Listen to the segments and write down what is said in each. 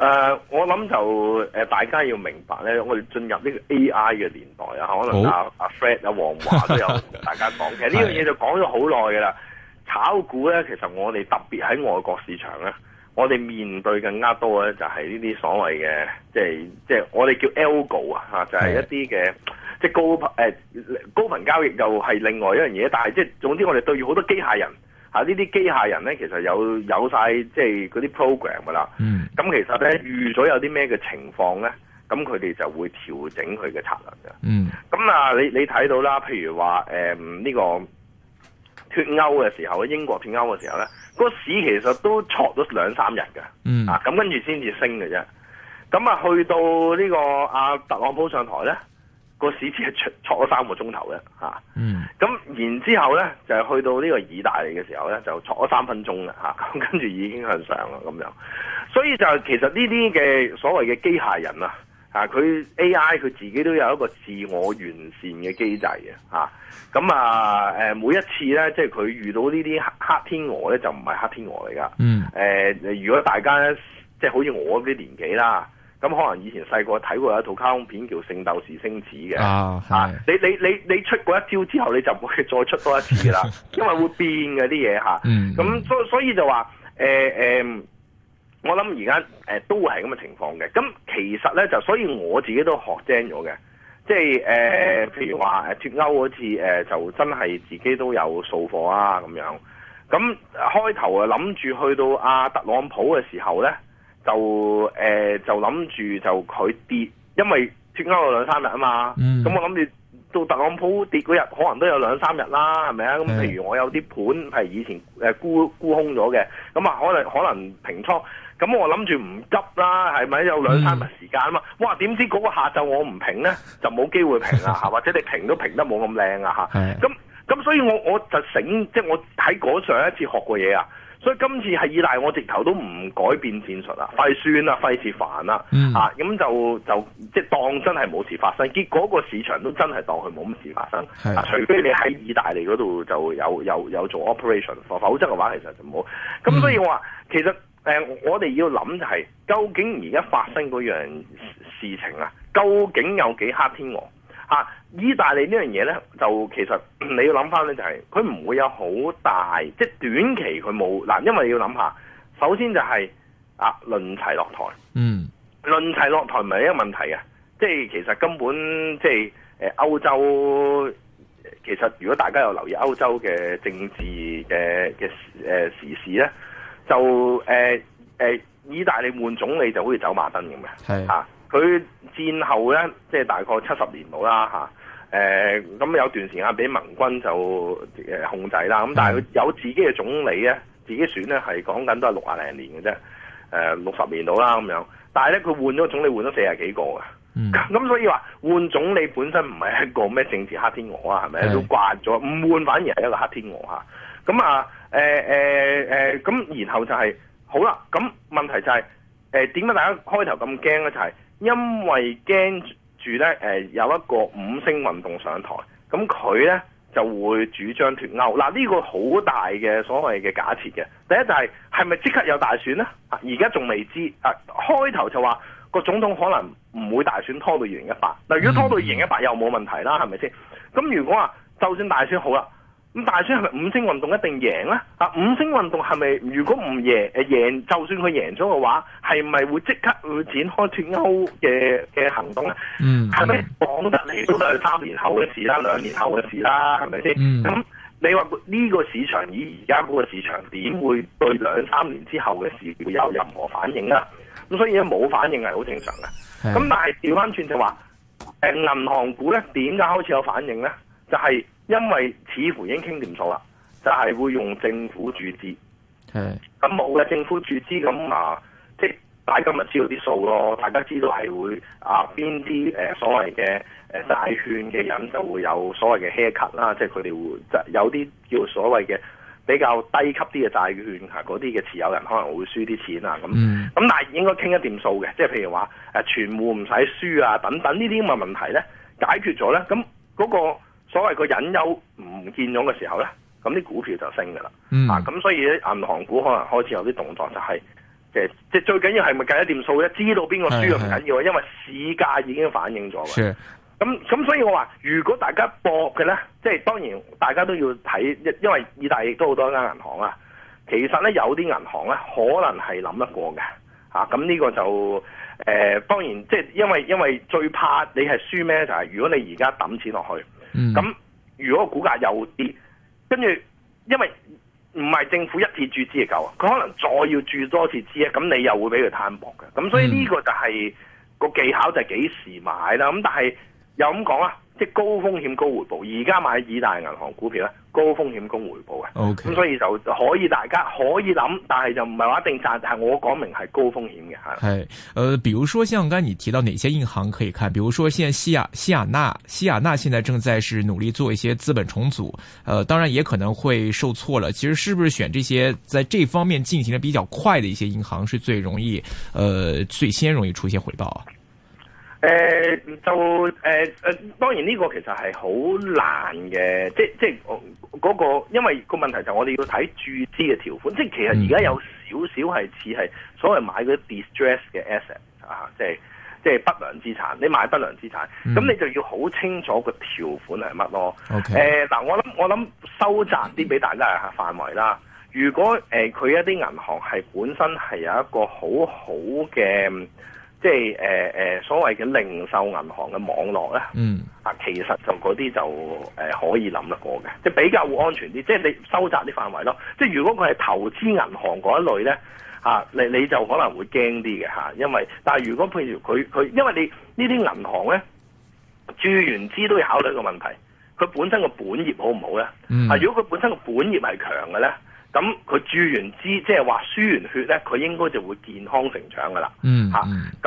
誒，uh, 我諗就誒、呃，大家要明白咧，我哋進入呢個 AI 嘅年代啊，可能阿、啊、阿好、啊、Fred 阿黃華都有同大家講， 其實呢樣嘢就講咗好耐噶啦。的炒股咧，其實我哋特別喺外國市場咧，我哋面對更加多咧就係呢啲所謂嘅，即係即係我哋叫 algo 啊吓，就係、是就是啊就是、一啲嘅即係高頻誒、呃、高頻交易又係另外一樣嘢，但係即係總之我哋對於好多機械人。啊！呢啲機械人咧，其實有有晒即係嗰啲 program 㗎啦。嗯。咁其實咧預咗有啲咩嘅情況咧，咁佢哋就會調整佢嘅策略嘅。嗯。咁啊，你你睇到啦，譬如話誒呢個脫歐嘅時候，英國脫歐嘅時候咧，個市其實都挫咗兩三日㗎。嗯。啊，咁跟住先至升嘅啫。咁啊，去到呢個阿特朗普上台咧。個市只係坐坐咗三個鐘頭嘅嚇，咁然之後咧，就係去到呢個意大利嘅時候咧，就坐咗三分鐘啦。嚇，咁跟住已經向上啦咁樣，所以就其實呢啲嘅所謂嘅機械人啊，佢 A I 佢自己都有一個自我完善嘅機制嘅咁啊，啊、呃、每一次咧，即係佢遇到呢啲黑黑天鵝咧就唔係黑天鵝嚟噶。如果大家即係好似我嗰啲年紀啦。咁可能以前細個睇過有一套卡通片叫《聖鬥士星矢》嘅， 啊，你你你你出過一招之後，你就唔會再出多一次啦，因為會變嗰啲嘢吓，咁所以所以就話誒誒，我諗而家誒都會係咁嘅情況嘅。咁其實咧就，所以我自己都學精咗嘅，即係誒、呃，譬如話誒脱歐嗰次、呃、就真係自己都有掃貨啊咁樣。咁開頭啊諗住去到阿、啊、特朗普嘅時候咧。就誒、呃，就諗住就佢跌，因為脱歐有兩三日啊嘛。咁、嗯、我諗住到特朗普跌嗰日，可能都有兩三日啦，係咪啊？咁、嗯、譬如我有啲盤係以前誒沽沽空咗嘅，咁啊可能可能平倉。咁我諗住唔急啦，係咪有兩三日時間啊嘛？嗯、哇！點知嗰個下晝我唔平咧，就冇機會平啦吓， 或者你平都平得冇咁靚啊吓。咁咁 所以我我就醒，即係我喺嗰上一次學過嘢啊。所以今次喺意大利我直頭都唔改變戰術啦，費酸啦，費事煩啦，嗯、啊咁就就即當真係冇事發生。結果個市場都真係當佢冇乜事發生，的啊、除非你喺意大利嗰度就有有有做 operation，否則嘅話其實就冇。咁所以我話、嗯、其實誒、呃，我哋要諗就係、是、究竟而家發生嗰樣事情啊，究竟有幾黑天鵝？啊！意大利呢樣嘢呢，就其實你要諗翻呢，就係佢唔會有好大，即係短期佢冇嗱，因為你要諗下，首先就係、是、啊，倫齊落台，嗯，倫齊落台唔係一個問題啊，即係其實根本即係誒歐洲，其實如果大家有留意歐洲嘅政治嘅嘅誒時事呢，就誒誒、啊啊、意大利換總理就好似走馬燈咁嘅，係是啊。佢戰後咧，即係大概七十年度啦嚇。誒，咁有段時間俾盟軍就誒控制啦。咁但係佢有自己嘅總理咧，自己選咧係講緊都係六廿零年嘅啫。誒、呃，六十年度啦咁樣。但係咧，佢換咗總理換咗四廿幾個嘅。咁、嗯、所以話換總理本身唔係一個咩政治黑天鵝啊，係咪？都慣咗唔換反而係一個黑天鵝嚇、啊。咁啊誒誒咁然後就係、是、好啦。咁問題就係誒點解大家開頭咁驚咧？就係因為驚住咧，誒有一個五星運動上台，咁佢咧就會主張脫歐。嗱、呃，呢、呢個好大嘅所謂嘅假設嘅。第一就係係咪即刻有大選咧？而家仲未知。啊、呃，開頭就話個總統可能唔會大選拖到二零一八。嗱，如果拖到二零一八又冇問題啦，係咪先？咁如果話就算大選好啦。咁大選係咪五星運動一定贏咧？啊，五星運動係咪如果唔贏誒贏，就算佢贏咗嘅話，係咪會即刻會展開脫歐嘅嘅行動咧？嗯，係咪講得嚟都兩三年後嘅事啦，兩 年後嘅事啦，係咪先？咁、嗯、你話呢個市場以而家嗰個市場點會對兩三年之後嘅事會有任何反應啊？咁所以咧，冇反應係好正常嘅。咁的但係調翻轉就話，誒銀行股咧點解開始有反應咧？就係、是。因為似乎已經傾掂數啦，就係、是、會用政府注資。係咁冇嘅政府注資咁啊，即係大家咪知道啲數咯。大家知道係會啊邊啲誒所謂嘅誒債券嘅人就會有所謂嘅 haircut 啦、啊，即係佢哋會有啲叫所謂嘅比較低級啲嘅債券啊，嗰啲嘅持有人可能會輸啲錢啊咁。咁、嗯、但係應該傾一掂數嘅，即係譬如話誒、啊、全戶唔使輸啊等等呢啲咁嘅問題咧，解決咗咧，咁嗰、那個所謂個隱憂唔見咗嘅時候咧，咁啲股票就升㗎啦。嗯、啊，咁所以咧，銀行股可能開始有啲動作、就係，就係即係即係最緊要係咪計得掂數咧？知道邊個輸唔緊要啊，是是因為市價已經反映咗嘅。咁咁是、啊、所以我話，如果大家博嘅咧，即係當然大家都要睇，因為意大利都好多間銀行啊。其實咧，有啲銀行咧，可能係諗得過嘅。啊，咁呢個就誒、呃，當然即係因為因為最怕你係輸咩？就係如果你而家抌錢落去。咁、嗯、如果個股價又跌，跟住，因為唔係政府一次注資就夠啊，佢可能再要注多次資咧，咁你又會俾佢攤薄嘅，咁所以呢個就係、是、個技巧就係幾時買啦。咁但係又咁講啊。即高風險高回報，而家買意大利銀行股票咧，高風險高回報嘅。咁 Okay. 所以就可以大家可以諗，但係就唔係話一定賺，但係我講明係高風險嘅嚇。係、呃，比如說，像剛你提到哪些銀行可以看？比如說現在西亞，現西亞西亞納西亞納現在正在是努力做一些資本重組，呃，當然也可能會受挫了。其實是不，是選這些在這方面進行的比較快的一些銀行，是最容易、呃，最先容易出現回報啊。誒、呃、就誒誒、呃呃，當然呢個其實係好難嘅，即即我嗰、呃嗰個，因為個問題就係我哋要睇注資嘅條款，即其實而家有少少係似係所謂買嗰啲 distressed 嘅 asset 啊，即即不良資產，你買不良資產，咁、嗯、你就要好清楚個條款係乜咯。誒嗱 Okay.、呃，我諗我諗收窄啲俾大家下範圍啦。如果誒佢、呃、一啲銀行係本身係有一個好好嘅。即係誒誒所謂嘅零售銀行嘅網絡咧，嗯啊，其實就嗰啲就誒、呃、可以諗得過嘅，即係比較會安全啲，即係你收窄啲範圍咯。即係如果佢係投資銀行嗰一類咧，嚇、啊、你你就可能會驚啲嘅嚇，因為但係如果譬如佢佢，因為你呢啲銀行咧注完資都要考慮一個問題，佢本身個本業好唔好咧？嗯、啊，如果佢本身個本業係強嘅咧。咁佢注完資，即係話輸完血咧，佢應該就會健康成長噶啦、嗯。嗯，吓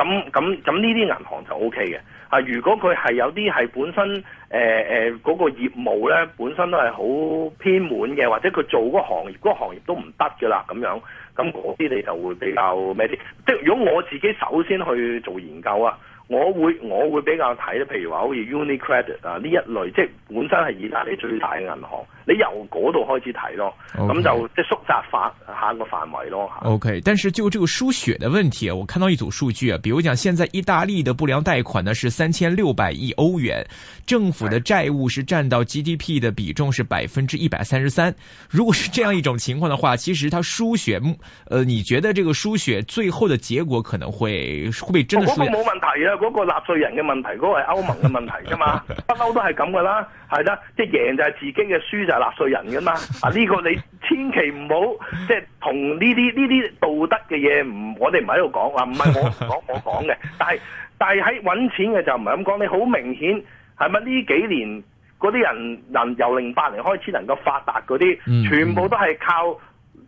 咁咁咁呢啲銀行就 O K 嘅。啊，如果佢係有啲係本身誒嗰、呃呃嗰個業務咧，本身都係好偏滿嘅，或者佢做嗰個行業嗰、嗰個行業都唔得噶啦，咁樣咁嗰啲你就會比較咩啲，即、就、係、係、如果我自己首先去做研究啊。我會我會比較睇咧，譬如話好似 UniCredit 啊呢一類，即係本身係意大利最大嘅銀行，你由嗰度開始睇咯，咁就 Okay. 即係縮窄範下一個範圍咯。OK，但是就這個輸血嘅問題啊，我看到一組數據啊，比如講現在意大利嘅不良貸款呢是三千六百億歐元，政府嘅債務是佔到 GDP 嘅比重是百分之一百三十三。如果是這樣一種情況嘅話，其實它輸血，呃，你覺得這個輸血最後嘅結果可能會會唔會真，的輸血個冇問題啊。嗰個納稅人嘅問題，嗰、那個係歐盟嘅問題㗎嘛，不嬲都係咁㗎啦，係啦，即係贏就係自己嘅，輸就係、是、納稅人㗎嘛。啊，呢、這個你千祈唔好即係同呢啲呢啲道德嘅嘢，唔我哋唔喺度講，嗱唔係我講我講嘅，但係但係喺揾錢嘅就唔係咁講，你好明顯係咪呢幾年嗰啲人能由零八年開始能夠發達嗰啲，全部都係靠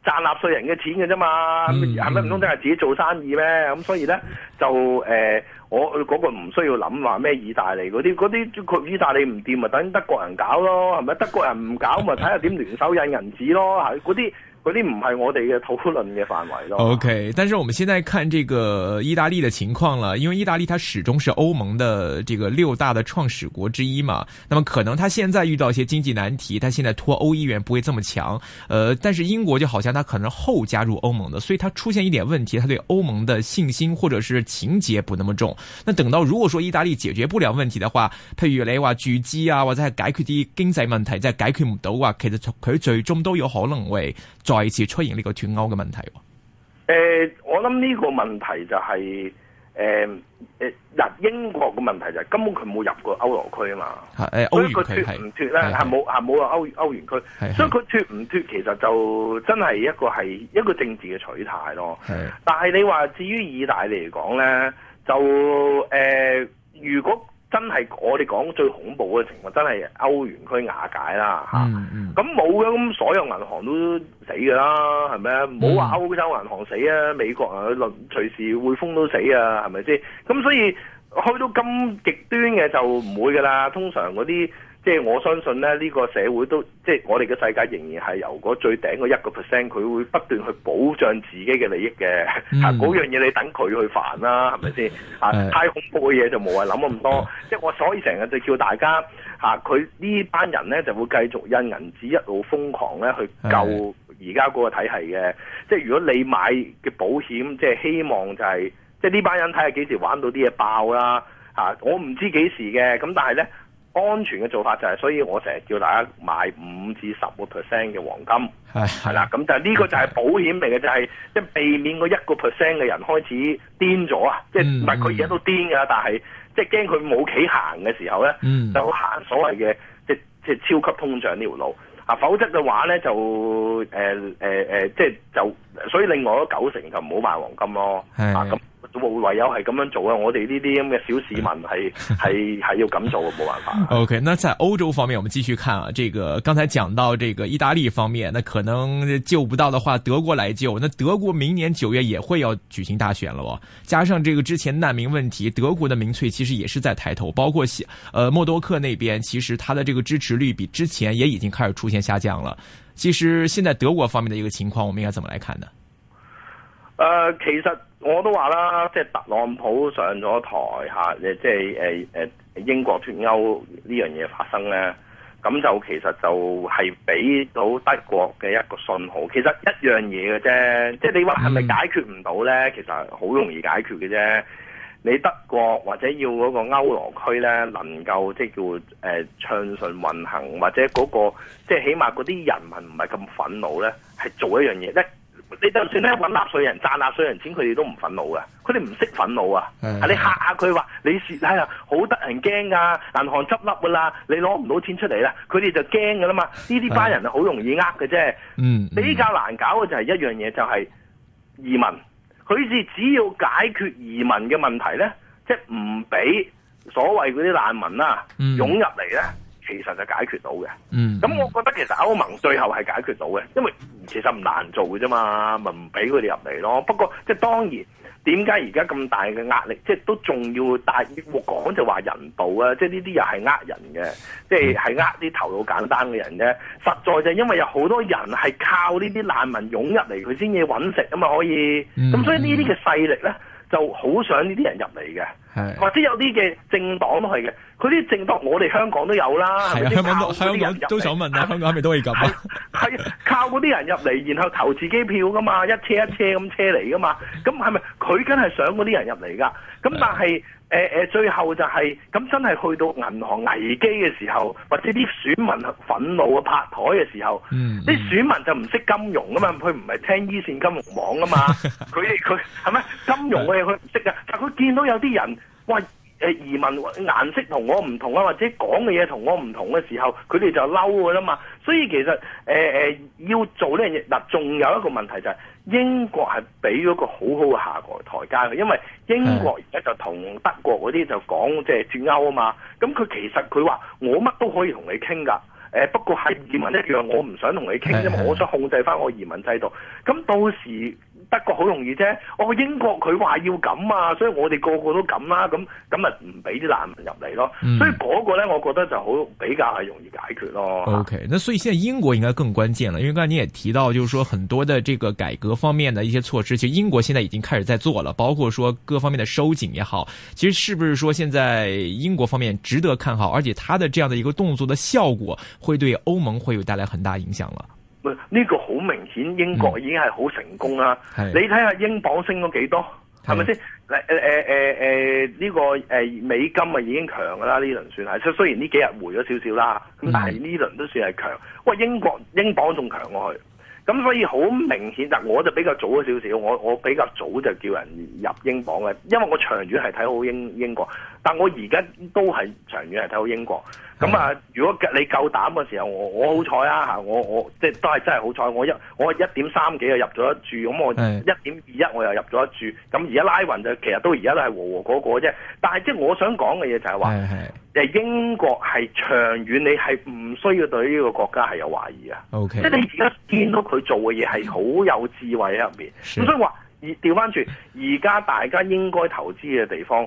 賺納稅人嘅錢嘅啫嘛，係咪唔通都係自己做生意咩？咁所以咧就誒、呃，我嗰、嗰個唔需要諗話咩意大利嗰啲嗰啲，佢意大利唔掂咪，等德國人搞咯，係咪？德國人唔搞咪睇下點聯手印銀紙咯，係嗰啲。嗰啲唔係我哋嘅討論嘅範圍咯。OK，但是我哋現在看這個意大利嘅情況啦，因為意大利佢始終是歐盟嘅呢個六大的創始國之一嘛，咁可能佢現在遇到一些經濟難題，佢現在脫歐意願不會咁強。呃，但是英國就好像佢可能後加入歐盟嘅，所以佢出現一點問題，佢對歐盟的信心或者是情結不那麼重。那等到如果說意大利解決不了問題嘅話，譬如你話注資啊，或者係解決啲經濟問題再解決唔到嘅話，其實佢最終都有可能會為此出現呢個脫歐嘅問題，誒、欸，我諗呢個問題就係、是，誒，誒，英國嘅問題就係根本佢冇入過歐羅區啊嘛，誒，歐、欸、元區所以佢脫唔脫咧係冇係冇歐歐元區，所以佢脫唔脫其實就真係一個係一個政治嘅取態咯，係是，但係你話至於意大利嚟講咧，就誒、呃，如果。真係我哋講最恐怖嘅情況，真係歐元區瓦解啦吓，咁冇咗，咁所有銀行都死㗎啦，係咪啊？唔好話歐洲銀行死啊，美國啊，臨隨時匯豐都死啊，係咪先？咁所以。去到咁極端嘅就唔會噶啦，通常嗰啲即係我相信咧，呢、這個社會都即係我哋嘅世界仍然係由嗰最頂嗰一個 percent，佢會不斷去保障自己嘅利益嘅。啊、嗯，嗰樣嘢你等佢去煩啦，係咪先？啊是，太恐怖嘅嘢就冇謂諗咁多。是是即係我所以成日就叫大家嚇，佢、啊、呢班人咧就會繼續印銀紙一路瘋狂咧去救而家嗰個體系嘅。是即係如果你買嘅保險，即係希望就係、是。即係呢班人睇下幾時玩到啲嘢爆啦、啊啊、我唔知幾時嘅。咁但係咧安全嘅做法就係、是，所以我成日叫大家買五至十個 percent 嘅黃金係係啦，咁但係呢個就係保險嚟嘅，就係即係避免個一個 percent 嘅人開始癲咗啊！即係唔係佢而家都癲㗎，但係即係驚佢冇企行嘅時候咧，嗯、就行所謂嘅即係即超級通脹呢條路啊！否則嘅話咧就、呃呃、即係就所以另外嗰九成就唔好買黃金咯，的啊咁。我唯有係咁樣做啊！我哋呢啲咁嘅小市民係係係要咁做，冇辦法。OK，那在歐洲方面，我們繼續看啊。這個剛才講到這個意大利方面，那可能救不到的話，德國來救。那德國明年九月也會要舉行大選咯哦，加上這個之前難民問題，德國的民粹其實也是在抬頭。包括呃默多克那邊，其實他的這個支持率比之前也已經開始出現下降了。其實現在德國方面的一個情況，我們應該怎麼來看呢？誒、呃，其實我都話啦，即係特朗普上咗台吓、啊，即係誒誒英國脱歐呢樣嘢發生呢，咁就其實就係畀到德國嘅一個信號。其實一樣嘢嘅啫，即係你話係咪解決唔到呢？嗯、其實好容易解決嘅啫。你德國或者要嗰個歐羅區呢，能夠即係叫誒、呃、暢順運行，或者嗰、嗰個即係起碼嗰啲人民唔係咁憤怒呢，係做一樣嘢咧。你就算咧揾納稅人賺納稅人錢，佢哋都唔憤怒噶，佢哋唔識憤怒啊的！你嚇下佢話，你是係啊，好得人驚噶，銀行執笠噶啦，你攞唔到錢出嚟啦，佢哋就驚噶啦嘛。呢啲班人係好容易呃嘅啫，嗯嗯、比較難搞嘅就係一樣嘢，就係、是、移民。佢哋只要解決移民嘅問題咧，即係唔俾所謂嗰啲難民啊、嗯、湧入嚟咧。其實就解決到嘅，咁、嗯、我覺得其實歐盟最後係解決到嘅，因為其實唔難做嘅啫嘛，咪唔俾佢哋入嚟咯。不過即係當然，點解而家咁大嘅壓力，即係都仲要大？講就話人道啊，即係呢啲又係呃人嘅，嗯、即係係呃啲頭腦簡單嘅人啫。實在就係因為有好多人係靠呢啲難民湧入嚟，佢先至揾食，咁咪可以。咁、嗯、所以呢啲嘅勢力咧。就好想呢啲人入嚟嘅，啊、或者有啲嘅政黨都係嘅。佢啲政黨我哋香港都有啦。香港、啊、香港都想問啦、啊，香港係咪都可以咁、啊。係、啊啊、靠嗰啲人入嚟，然後投自己票噶嘛，一車一車咁車嚟噶嘛。咁係咪佢梗係想嗰啲人入嚟噶？咁但係。誒誒，最後就係、是、咁，真係去到銀行危機嘅時候，或者啲選民憤怒啊拍台嘅時候，啲、嗯嗯、選民就唔識金融㗎嘛，佢唔係聽 e 線金融網㗎嘛，佢佢係咩金融嘅嘢佢唔識㗎，但佢見到有啲人喂，移民顏色同我唔同啊，或者講嘅嘢同我唔同嘅時候，佢哋就嬲噶啦嘛。所以其實誒誒要做呢樣嘢，嗱，仲有一個問題就係英國係俾咗個好好嘅下個台階，因為英國而家就同德國嗰啲就講即係脫歐啊嘛。咁佢其實佢話我乜都可以同你傾噶，誒不過係移民一樣，我唔想同你傾，因為我想控制翻我移民制度。咁到時。德國好容易啫，哦英國佢話要咁啊，所以我哋個個都咁啦、啊，咁咁咪唔俾啲難民入嚟咯。所以嗰個呢，我覺得就好比較容易解決咯。嗯、o、okay, K，那所以現在英國應該更關鍵了，因為剛才你也提到，就是說很多的這個改革方面的一些措施，其實英國現在已經開始在做了，包括說各方面的收緊也好。其實是不是說現在英國方面值得看好，而且它的這樣的一個動作的效果，會對歐盟會有帶來很大影響了？呢個好明顯，英國已經係好成功啦。嗯、你睇下英鎊升咗幾多，係咪先？誒誒誒呢個誒、呃、美金咪已經強噶啦？呢輪算係，雖雖然呢幾日回咗少少啦，咁但係呢輪都算係強。喂、嗯，英國英鎊仲強過佢，咁所以好明顯。但我就比較早咗少少，我我比較早就叫人入英鎊嘅，因為我長遠係睇好英英國。但我而家都係長遠係睇好英國咁啊！的如果你夠膽嘅時候，我我好彩啊嚇！我我即係都係真係好彩，我一我一點三幾就入咗一注，咁我一點二一我又入咗一注，咁而家拉勻就其實都而家都係和和嗰嗰啫。但係即係我想講嘅嘢就係話，誒的英國係長遠你係唔需要對呢個國家係有懷疑啊！即係 Okay. 你而家見到佢做嘅嘢係好有智慧喺入邊，咁的所以話而調返轉而家大家應該投資嘅地方。